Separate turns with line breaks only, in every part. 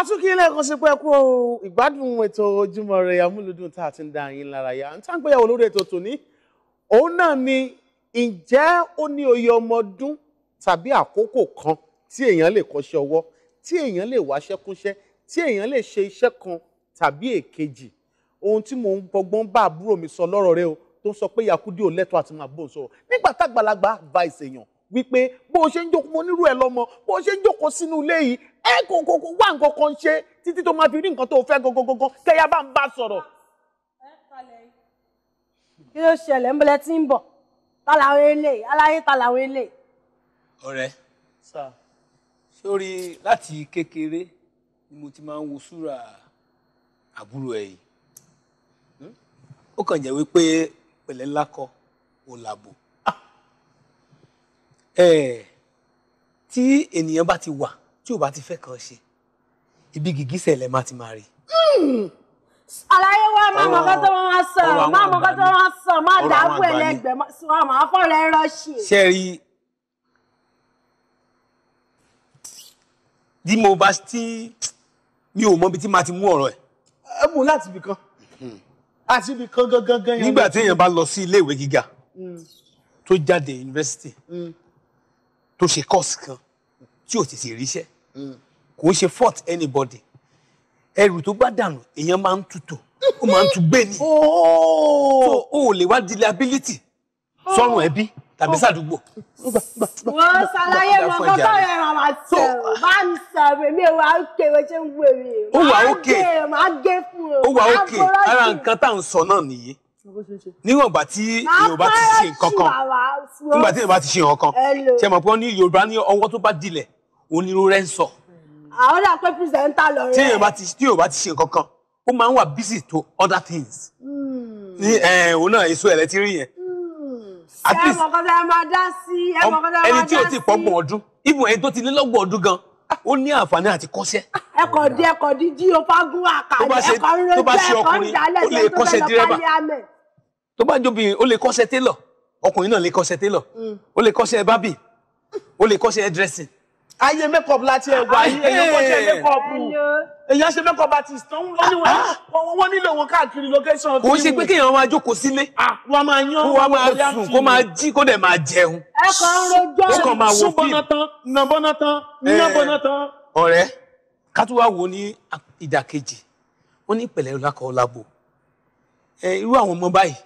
àtúnkí ilé ẹ̀kan sí pé ẹ kú ìgbádùn ètò ojúmọ́ rẹ amúlùdùn tá a ti ń da yín lárayá ń tá ń gbéyàwó lórí ètò tòní òun náà ni ǹjẹ́ ó ní oyè ọmọ ọdún tàbí àkókò kan tí èèyàn lè kọ́ṣẹ́ ọwọ́ tí èèyàn lè wáṣẹ́ kúnṣẹ́ tí èèyàn lè ṣe iṣẹ́ kan tàbí èkejì ohun tí mò ń gbọgbọ́n bá àbúrò mi sọ lọ́rọ̀ rẹ o tó ń sọ pé yakudi ò lẹ́tọ̀ọ́ àti máa bò wípé bó o ṣe ń jókòó mo nírú ẹ lọ́mọ bó o ṣe ń jókòó sínú ilé yìí ẹ kò kò wá nǹkan kan ṣe títí tó máa fi rí nǹkan tó fẹ́ gangan kẹ́yà bá ń bá sọ̀rọ̀.
kí ló ṣẹlẹ̀ ńbọ̀lẹ́ tí ń bọ̀ ta làwọn o aláyé ta làwọn eléyìí.
ọ̀rẹ́ sórí láti kékeré ni mo ti máa ń wo súra àbúrò ẹ̀yìn hmm? ó kàn jẹ́ wípé pẹ̀lẹ́ ńlá kọ ò làbò ah! tí ènìyàn bá ti wà tí ò bá ti fẹ́ kàn ṣe ibi gìgísẹ̀ lẹ má ti máa rí.
Hmm. àlàyé wa máa mọ kó tó máa sọ máa mọ kó tó máa sọ máa dàbò ẹlẹgbẹ máa máa fọlẹ rọṣì. ṣe
rí bí mo bá ti mi ò mọ ibi tí màá ti mú ọ̀rọ̀ ẹ̀. ẹ mú láti ibì kan hmm. àti ibì kan gangan gangan. nígbà tí èèyàn bá lọ sí ilé ìwé gíga hmm. tó jáde yunifásitì tó ṣe kọ́ọ̀sì kan tí ò tètè ríṣẹ́ mm. kò ń ṣe fault anybody ẹrù tó bá dànù èèyàn máa ń tutù ó máa ń tu gbé ni oh! so o ò lè wá di liability sọ́run ẹbí tàbí oh! sàdúgbò.
wọ́n ṣàlàyé mọ́kọ́ tó yẹ wọ́n máa sọ bá ń sọ èmi ò wá òkè wọ́n ṣe ń wò mí. ó wà òkè máa gé fún o. ó wà òkè ara
nǹkan tá à ń sọ náà nìyí níwọ̀n ìgbà tí yorùbá ti ṣe nǹkan kan nígbà tí yorùbá ti ṣe nǹkan kan ṣe mọ̀ pé wọ́n ní yorùbá ní ọwọ́ tó bá dilẹ̀ onírúurẹ́ ń sọ.
àwọn dà pé pírẹsẹ̀ntà lọ rẹ. tí yorùbá
ti tí yorùbá ti ṣe nǹkan kan ó máa ń wà busy to other things.
Hmm.
ní òun náà èso ẹ̀rẹ́ ti rí yẹn.
Hmm. at least ẹni tí ò ti
pọ́gbọ̀n ọdún even ẹni tó ti lé lọ́gbọ̀n ọdún gan ó ní àǹfààní àti kọ́ṣẹ́. ẹkọ di ẹkọ di jí o fagun àkàlẹ ẹkọ rẹ jẹ ẹkọ ìdálẹ jẹ tó fẹ́ lọ pálí àmẹ. tó bá jóbi ó lè kọ́ṣẹ́ télọ̀ ọkùnrin náà lè kọ́ṣẹ́ télọ̀ hmm. ó lè kọ́ṣẹ́ bábì ó lè kọ́ṣẹ́ dírẹ́sìn ayé makeup láti ẹwà ayé èyàn kọ́ ṣe makeup èyàn ṣe makeup artist tán lóníwọ̀n ah. wọ́n nílò wọn káàkiri location. kò ṣe pé kéèyàn máa jókòó sílé. wọ́n máa yan wọ́n máa sùn kó máa jí kó dẹ̀ máa jẹun. ẹ kàn ń rojọ́ sún bọ́nà tán nà bọ́nà tán nà bọ́nà tán. ọ̀rẹ́ ká tún wá wo ní ìdàkejì wọ́n ní pẹ̀lẹ́ lákọ̀ọ́ lábo irú àwọn ọmọ báyìí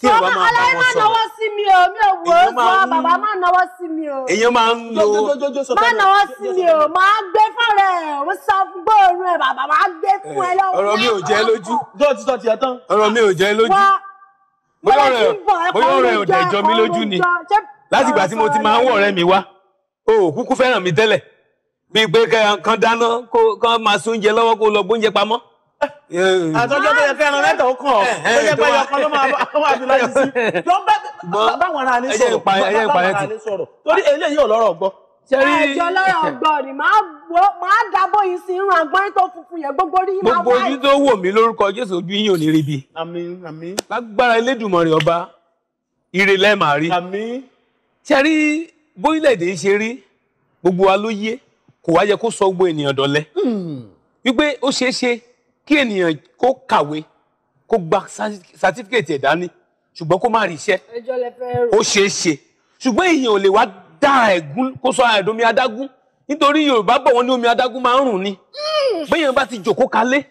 tí ẹ bá máa bá wọn sọ̀rọ̀. ọmọ náwó
sí mi o mi ò wò ó sọ bàbá má náwó sí mi o. èèyàn máa ń lo
má náwó sí mi o
máa gbé fọ́rẹ̀ ẹ̀ ó sọ gbóòórùn ẹ̀ bàbá máa gbé fún ẹ lọ́wọ́. ọ̀rọ̀ mi ò
jẹ́ lójú. jọ́ọ̀ ti sọ tiẹ̀ tán. ọ̀rọ̀ mi ò jẹ́ lójú. bóyá ọ̀rẹ́ bóyá ọ̀rẹ́ ò dẹ̀ jọ mi lójú ni
láti ìgbà tí mo ti máa ń wọ̀ ọ̀rẹ́ mi wá
o ò kúkú fẹ́ràn mi tẹ́lẹ̀ bíi pé kan dáná kó kan máa sóúnjẹ lọ́wọ́ kó lọ gbóúnjẹ pamọ́ Eh, eh. àtọ́jọ́ tó yẹ kí ẹran mẹ́ta ó kàn ọ́ tó yẹ pé ọkàn ló máa fi láyé sí ló ń bá báwọn ara ní sọ̀rọ̀ báwọn ara ní sọ̀rọ̀ torí eléyìí ò lọ́rọ̀ gbọ́. ẹjọ lọ́rọ̀
gbọ́ ni màá dábò yìí sí irun agbọ́n tó funfun yẹn gbogbo orí máa wáyé. gbogbo ojú tó wò
mí lórúkọ Jésù ojú yín ò ní rí bi. àmín àmín. lágbára Elédùmarè ọba ire lẹ́ẹ̀ máa rí. àmín. ṣẹ́rí bóyílẹ̀-èdè ń ṣe rí gbogbo wa ló yé kò wá kó sọ gbogbo ènìyàn dọ̀lẹ. Hmm. wípé ó ṣeé ṣe kí ènìyàn kó kàwé kó gba sátífíkẹ̀tì ẹ̀ dání ṣùgbọ́n kó má rí iṣẹ́ ó ṣeé ṣe ṣùgbọ́n èèyàn ò lè wá dá ẹ̀gún kó sọ àìdùn omi adágún nítorí yorùbá bọ̀ wọ́n ní omi adágún máa ń rùn ni
mm.
béèyàn bá ti jòkó kalẹ̀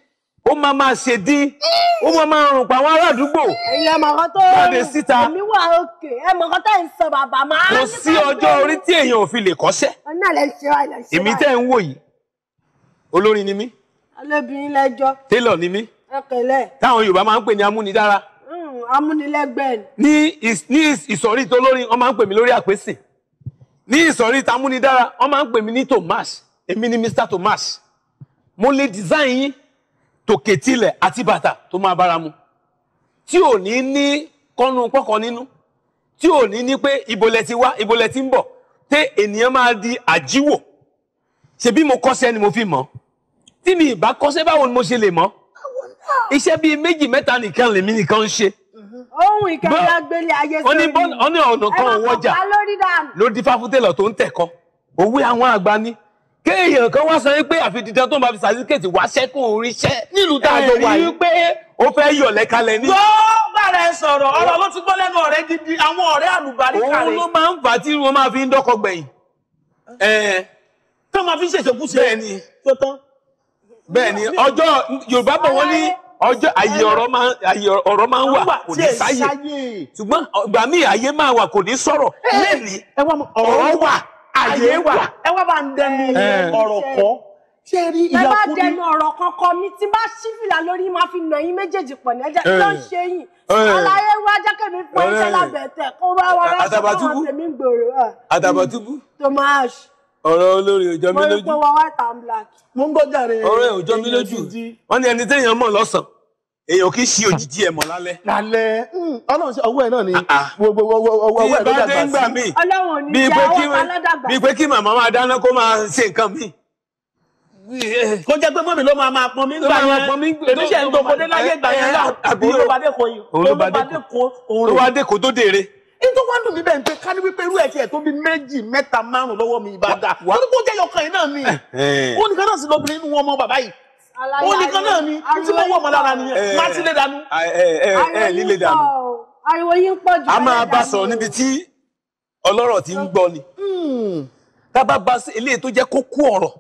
ó máa máa ṣe dín mm. ó máa máa rùn pa àwọn ará àdúgbò jáde síta
kò sí ọjọ́ orí tí èèyàn
ò fi lè kọ́ṣẹ́ èmi tẹ́ ń wò yìí olórin ni mí
alóbìnrin lẹ́jọ́. tailor ni mí. ẹkẹlẹ.
táwọn yorùbá máa ń pè ní amúnidára.
Hmm, amúnilẹ́gbẹ̀ẹ́
ni. ní ìsọ̀rí tó lórí wọ́n máa ń pè mí lórí àpèsè ní ìsọ̀rí tamúnidára wọ́n máa ń pè mí ní Thomas èmi ni Mr Thomas mo lè design yín tòkè tilẹ̀ àti bàtà tó máa bára mu tí ò ní ní kọ́nu pọ́kọ́ nínú tí ò ní ní pé ibolẹ̀ ti wá ibolẹ̀ ti ń bọ̀ tẹ ènìyàn máa di àjíwò ṣebí mo kọ́ sẹ́ni mo fi mọ̀ ọ́ tí mi ìbá kọ́ṣẹ́ báwo ni mo ṣe lè mọ̀ iṣẹ́ bíi méjì mẹ́ta nìkan lèmi nìkan ń ṣe.
ohun ìkẹyà gbélé ayé sórí ọ̀nà ọ̀nà kan òwọ́jà
ló di fáfútẹ́lọ̀ tó ń tẹ̀kọ́ òwe àwọn àgbà ni kéèyàn kan wá sọ pé àfi dídán tó ń bá fi sàtífíkẹ̀tì wá ṣẹ́kùn oríṣẹ́ nílùú tá a jọ wà yìí pé ó fẹ́ yọ̀lẹ́ kalẹ̀ ní. tó bá rẹ sọ̀rọ̀ ọ̀rọ̀ ló ti gbọ́ lẹ́nu ọ̀rẹ́ gidi àwọn ọ̀rẹ́ àlùbáríkà rẹ̀. òun ló máa ń fà á tí wọ́n máa fi ń dọ́kọ̀ gbẹ̀yìn. tó máa fi ń ṣèṣekúṣe. bẹ́ẹ̀ ni tó tán bẹ́ẹ̀ ni ọjọ́ yorùbá bọ̀ wọ́n ní ọjọ́ ayé ọ̀rọ̀ máa ayé ọ̀rọ̀ máa ń wà kò ní sáyè ṣùgbọ́n ìgbà míì ayé máa wà kò ní sọ̀rọ̀ lẹ́ẹ̀ni ọ̀rọ̀ wà ayé wà
ẹ wá bá ń dẹnu ọ̀rọ̀ kọ́ ṣé rí ìyàkúrú. ẹ bá dẹnu ọ̀rọ̀ kankan mi tí bá ṣí fìlà lórí máa fi nà yín méjèèjì pọ̀ ní ẹjẹ́ ló ń ṣe yìn àlàyé wá jákèmí fún iṣẹ́ lábẹ́ tẹ̀ kó wá rẹ́ṣọ́ àwọn tèmi
gbòòrò ọ̀rọ̀ olórí òjọ́ mi lójú. mo rí pé wọ́n
white and black. mo ń gbọ́jà
rẹ̀ ọ̀rọ̀ òjọ́ mi lójú wọ́n ní ẹni téèyàn mọ̀ lọ́sàn-án èèyàn kì í ṣe òjijì ẹ̀ mọ̀ lálẹ́. lálẹ́ hmm, ọlọ́run ṣe ọwọ́ ẹ̀ náà ni gbogbo ah, ah. ọwọ́ ẹ̀ ló dàgbà sí.
ọlọ́run ní ìyá ọwọ́ aládàgbà.
bíi pé kí màmá máa dáná kó máa ṣe nǹkan míì kó jẹ́ pé mọ́mí ló máa máa pọn mí eh, eh, ló wá dé kò tó ní tó wá dùn mí bẹ́ẹ̀ ń pe ká ní wípé irú ẹ̀ tiẹ̀ tó bí méjì mẹ́ta márùn-ún lọ́wọ́ mi ìbá dà torí kó jẹ́ yọkan yìí náà ni ó nìkan náà sì lóbìnrin nínú wọn ọmọ bàbá yìí ó nìkan náà ni tí mo wọ̀ mọ́ lára nìyẹn má ti lè dànù. ẹ líle dànù
a máa bá sọ̀rọ̀ níbi tí
ọlọ́rọ̀ ti ń gbọ́ ni hmm. tá a bá bá eléyìí tó jẹ́ kókó ọ̀rọ̀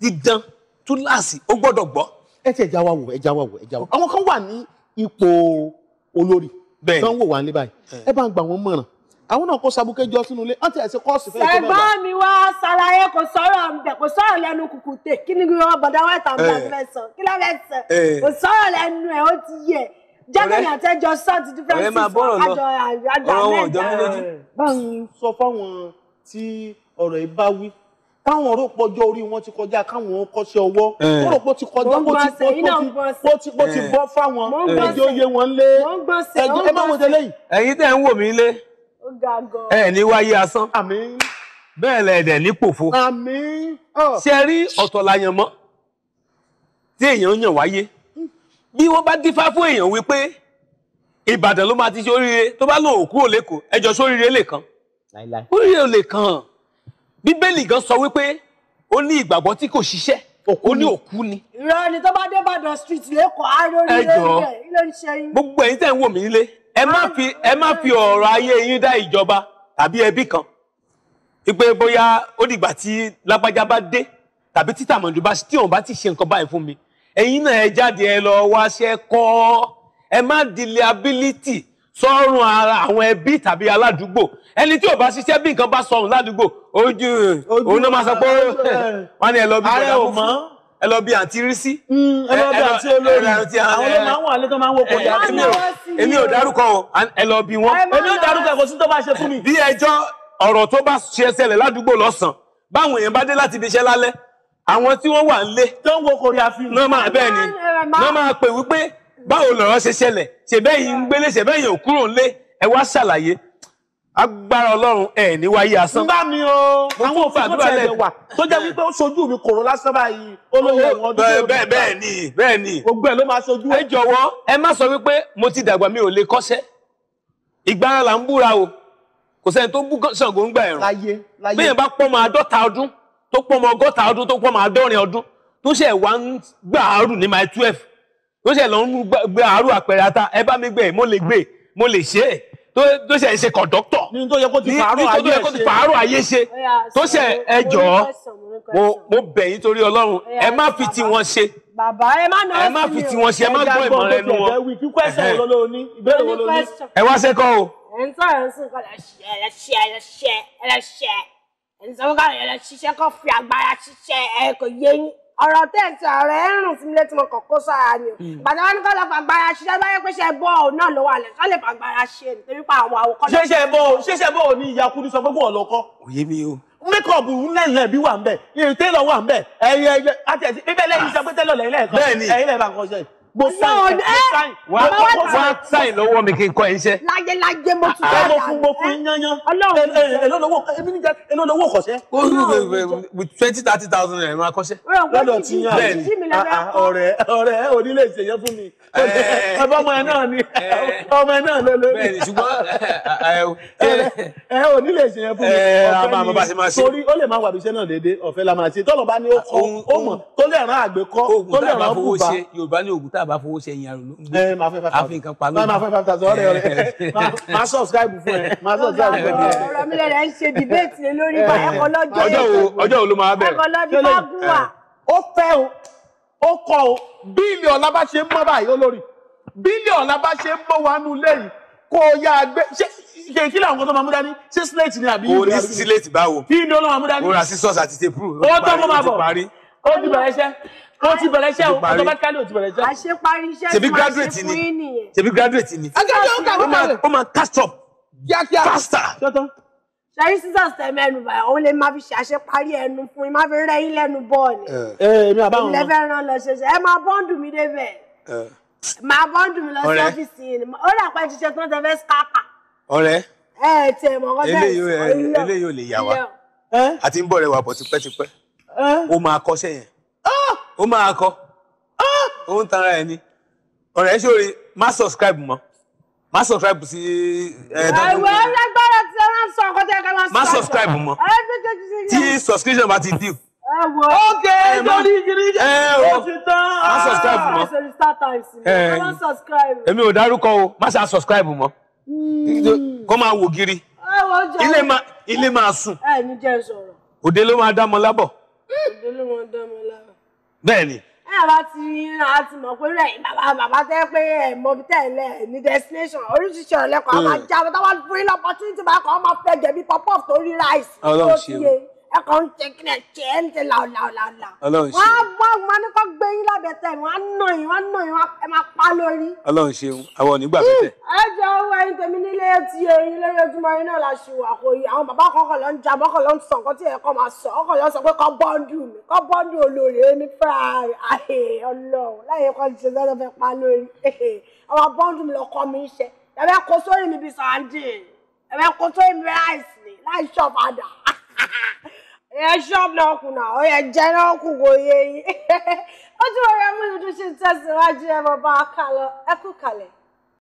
dídán túláàsì ó gbọ́dọ̀ gbọ́. ẹ ti ẹja wa wo, ẹja wa wò ẹja wa wò àwọn kan wà ní ipò olórí tó ń wò wá ní báyìí ẹ bá ń gbà wọ́n mọ̀ràn àwọn náà kó sabuké jọ sínú ilé ọ̀n ti ẹ̀sìn kọ́ọ̀sì fẹ́ẹ́ tó mẹ́ta. ṣẹ̀gbọ́n
mi wá ṣàlàyé kò sọ̀rọ̀ ǹdẹ̀ kò sọ̀rọ̀ lẹ́nu kùkù tè kí ni wọ́n bọ̀dá wá ìtàn bí wọ́n sọ kí ló fẹ́ sọ kò sọ̀rọ̀ lẹ́nu ẹ̀ ó ti yẹ jẹ́gẹ̀rì àtẹ́jọ sọ́ọ̀tì differences àjọ
àjọ mẹ́ta. ọ̀rọ̀ wọn ò jọ mí lójú. báwo sọ fáwọn tí ọ̀rọ̀ yìí bá wí káwọn rò pọjọ orí wọn ti kọjá káwọn kọsẹ̀ ọwọ́ wọn rò pọ ti kọjá bó ti bó ti bó ti bọ́ fáwọn ẹjẹ oyè wọn lé ẹjẹ ẹ má wọn tẹ́lẹ̀ yìí. ẹ̀yin tẹ́ ń wò mí lé ẹ ní wáyé asán bẹ́ẹ̀ lẹ dẹ ní pòfo ṣe rí ọ̀tọ̀ làyàn mọ́ tí èèyàn yàn wáyé bí wọ́n bá dífá fún èèyàn wípé Ìbàdàn ló máa ti ṣe oríire tó bá lóun kúrò lẹ́kọ̀ọ́ ẹjọ́ sóríire lè kàn oríire ò lè kàn bíbélì gan sọ wípé ó ní ìgbàgbọ́ tí kò ṣiṣẹ́ òkú ní òkú ni.
irọ́ ni tó bá dé Ìbàdàn street lẹ́kọ̀ọ́ arórí lóúnjẹ ilé ń ṣe yín.
gbogbo ẹ̀yin tẹ̀ ń wò mí nílé ẹ má fi ẹ má fi ọ̀rọ̀ ayé yín dá ìjọba tàbí ẹbí kan ìpè bóyá ó dìgbà tí lágbájá bá dé tàbí títà mọ̀jú bá tí òun bá ti ṣe nǹkan báyìí fún mi ẹ̀yin náà ẹ jáde ẹ lọ wáṣẹ́ kọ́ ẹ má dilẹ̀ ability sọ́run ara àwọn ẹbí tàbí aládùúgbò ẹni tí ò bá ṣiṣẹ́ bí nǹkan bá sọ̀run ládùúgbò ojú òun náà máa sọ pé wọ́n ní ẹ lọ ẹ lọ bí àǹtí rí sí. Mm, ẹ lọ bí àǹtí olórí àwọn ló máa ń wà lé máa ń wo kò yá sí. èmi ò dárúkọ o ẹ lọ bí wọn. èmi ò dárúkọ kò sí tó bá ṣe fún mi. bí ẹjọ́ ọ̀rọ̀ tó bá ṣe ṣẹlẹ̀ ládùúgbò lọ́sàn báwọn èèyàn bá dé láti ibi iṣẹ́ lálẹ́ àwọn tí wọ́n wà ń lé. tó ń wo kòríà fíìmù. náà máa bẹ́ẹ̀ ni náà máa pè wípé báwo lọ̀rọ̀ ṣe ṣẹlẹ̀ ṣèbẹ́yìn ń gbélé ṣèbẹ́yìn ò kúrò ńlé ẹ wá ṣàlàyé agbára ọlọ́run ẹ ní wáyé asán. n mi o àwọn òfin tó tẹ̀lé wà tó jẹ́ wípé ó sojú mi kòrò lásán báyìí olóyè ọdún bẹ́ẹ̀ ni bẹ́ẹ̀ ni sọ wípé mo ti dàgbà mi ò lè kọ́ṣẹ́ ìgbára là ń o kò sẹ́ni tó bú Ṣàngó ń gbà láyé láyé bẹ́ẹ̀ bá ọdún tó ọgọ́ta ọdún tó ọdún tó ṣe lọ ń gbé àárò àpẹẹrẹ ata ẹ bá mi gbé mo lè gbé mo lè ṣe é tó ṣe ṣe kọ̀dọ́tọ̀ ní tó yẹ kó ti pààrọ̀ ayé ṣe tó ṣe ẹ jọ̀ọ́ mo bẹ̀ yín torí ọlọ́run ẹ má fi ti wọn ṣe
bàbá ẹ má náà ẹ má fi ti wọn ṣe ẹ má gbọ́ ìmọ̀ rẹ nu wọn
ẹ wá sẹ́kọ̀ o.
ẹ ń sọ̀rọ̀ ń sìn kọ́ ẹlẹ́ṣẹ̀ ẹlẹ́ṣẹ̀ ẹlẹ́ṣẹ̀ ẹ̀ ń sọ fún káwọn ẹlẹ́ṣiṣẹ́ kọ́ fi agbára ṣiṣẹ́ ẹ kò yé yín ọ̀rọ̀ tẹ̀sí ọ̀rọ̀ ẹ̀ ń rùn sí mi létí mo kàn kó sára ni o hmm. bàtà wọn ní kọ́ lọ fàgbára ṣiṣẹ́ bá yẹ pé ṣe bọ́ ọ̀ náà lọ́wọ́ àlẹ́ kọ́ lè fàgbára ṣe nítorí pé àwọn àwòkọ́ lọ. ṣẹṣẹ bọ
ṣẹṣẹ bọ ní ìyá kudu sọ gbogbo ọlọkọ. òye mi o. mékọ̀bù ńlẹ̀ńlẹ̀ bí wà ń bẹ̀ tẹ́lọ̀ wà ń bẹ̀ ẹ̀yẹ àti ẹ̀sìn bíbẹ̀ lẹ́yìn sọ pé tẹ́lọ̀ lẹ́yìn lẹ́ẹ̀kan mo sáyìn mo eh, sáyìn wà á sáyìn lọ́wọ́ mi kí n kọ́ ẹ iṣẹ́.
láyé láyé mo tún
bẹ́ẹ̀ ah, mo fún mo eh, fún yányán eh, èló lówó èmi níjà èló lówó kọ̀ṣẹ́. ó ní with twenty thirty thousand naira máa kọ́ṣẹ́. lọ́dọ̀ tí yàn bẹ́ẹ̀ ni ah, ah, ọ̀rẹ́ ọ̀rẹ́ onílé ìṣèyàn fún mi ọba ọmọ ẹ náà ni ọmọ ẹ náà ló ló ní. bẹ́ẹ̀ni ṣùgbọ́n ẹ onílé ìṣèyàn fún mi ọ̀fẹ́ ni torí ó lè máa wà bíṣẹ́ náà déédéé ọ̀fẹ́ la máa ṣe tọ́lọ̀ bá ní ó kọ́ ó mọ̀ tó lè rán àgbẹ̀kọ́ tó lè rán òkú bá. yorùbá ní òkúta bá fowó ṣe ẹyin arúgbó àfi nǹkan pa lónìí. máa fẹ́ five thousand ọ̀rẹ́ ọ̀rẹ́ máa subscribe fún ẹ máa subscribe fún ẹ.
ọ̀rọ̀ mi lẹ́rẹ̀ ń ṣe debate
lé lórí ẹ̀kọ́ lọ́jọ́ èkó ọjọ́ wo ló máa bẹ̀rẹ̀ ẹ̀kọ́ lọ́dún bá gùn wà. ó fẹ́ o ó kọ o bílíọ̀ ọ̀la bá ṣe ń mọ́ báyìí olórí bílíọ̀ ọ̀la bá ṣe ń mọ́ wa nú ilé yìí kó o yá gbé ṣé kí làwọn kan tó máa mú dání ṣé slate ni àbí. o ní slate báwo. kí ni ó lọ́ máa mú dání. o ra scissors àti tape rule. owó tó kọ́ bọ̀ ó ti bẹ̀rẹ̀ o ti bẹ̀rẹ̀ iṣẹ́ o automatically
o ti bẹ̀rẹ̀ iṣẹ́. àṣeparí iṣẹ́ tí máa ṣe fún yín nìyẹn.
tèmi graduate ni. akéwì ó kà nípa. ó máa up. kíákíá faster.
ṣẹ́rí scissors tẹ mẹ́nu báyìí òun lè má fi ṣe àṣeparí ẹnu fún yín má fi rẹ́ yín lẹ́nu bọ́ọ̀lù.
ẹ ẹ mi àbáwọn. ilẹ̀ fẹ́
ràn lọ ṣẹṣẹ ẹ máa bọ́ǹdù mi débẹ̀. máa bọ́ǹdù mi lọ sí ọ́fíìsì yìí ni ó rà pẹ́ ṣiṣẹ́ tí wọ́n ti fẹ́ skápà. ọ̀rẹ́ ẹ tẹ mọ̀ ọ́ bẹ́ẹ̀
eléyìí ò lè yà wá àti ń bọ̀ rẹwà bọ̀ tipẹ́tipẹ́ ó máa kọ òun tanra ẹ ni ọ̀rẹ́ ṣòro má subscribe mọ́ má subscribe sí ẹ̀ẹ́dọ́gbọ̀n. ẹ̀wẹ̀
ọlọ́gbọ́dọ̀ ti wọ́n sọ ọkọ tí ẹ ká máa subscribe. má subscribe mọ́ tí
subscription bá ti dì.
ẹ wo ok lórí ìgbìrì oṣù tán má subscribe ah, mọ́ má subscribe. èmi
ò dárúkọ o má ṣe subscribe mọ́
hmm.
kó máa wò giri
ilé máa sùn
òde ló máa dá mọ lábọ̀.
òde ló máa dá mọ bẹ́ẹ̀ni. ẹ bá ti a ti mọ̀ pé rẹ̀ bàbá bàbá tẹ́ pé ẹ mọ bí tẹ́lẹ̀ ní destination oríṣiríṣi ọ̀lẹ́kọ̀ọ́ àwọn ajá táwọn fún opportunity bá kọ́ ọmọ fẹ́ jẹ̀bi pop-up torí rice. ọlọ́run ṣe o ẹ kàn ń ṣe kílẹ̀ ń ṣe làwùlàwùlà. wọn á wọn á ní kó gbé yín lábẹ́ tẹ̀ wọn á nà yín wọn á nà yín ẹ máa pa lórí.
Ọlọ́run ṣeun àwọn onígbà bẹtẹ.
ẹ jẹ́ owó ẹyin tèmi nílé ti eyín lórí ojúmọ́ yín náà la ṣe wà kò yí àwọn bàbá kan ló ń jabọ́ kàn ló ń sọ nǹkan tí ẹ̀kọ́ máa sọ ọkọ̀ ló sọ pé kọ́ bọ́ńdù mi kọ́ bọ́ńdù olórí ní fúráì àhè Ọlọ́run láyé kan ṣe lọ́dọ̀ fẹ́ pa lórí ẹ ṣọ́ọ̀bù náà kù náà ó yẹ jẹ́ náà kù kò yẹ yín ó tún wọ́n yẹ mú ìdúró tẹ̀síwájú ẹ bọ̀ bá a kà lọ ẹ kú kalẹ̀.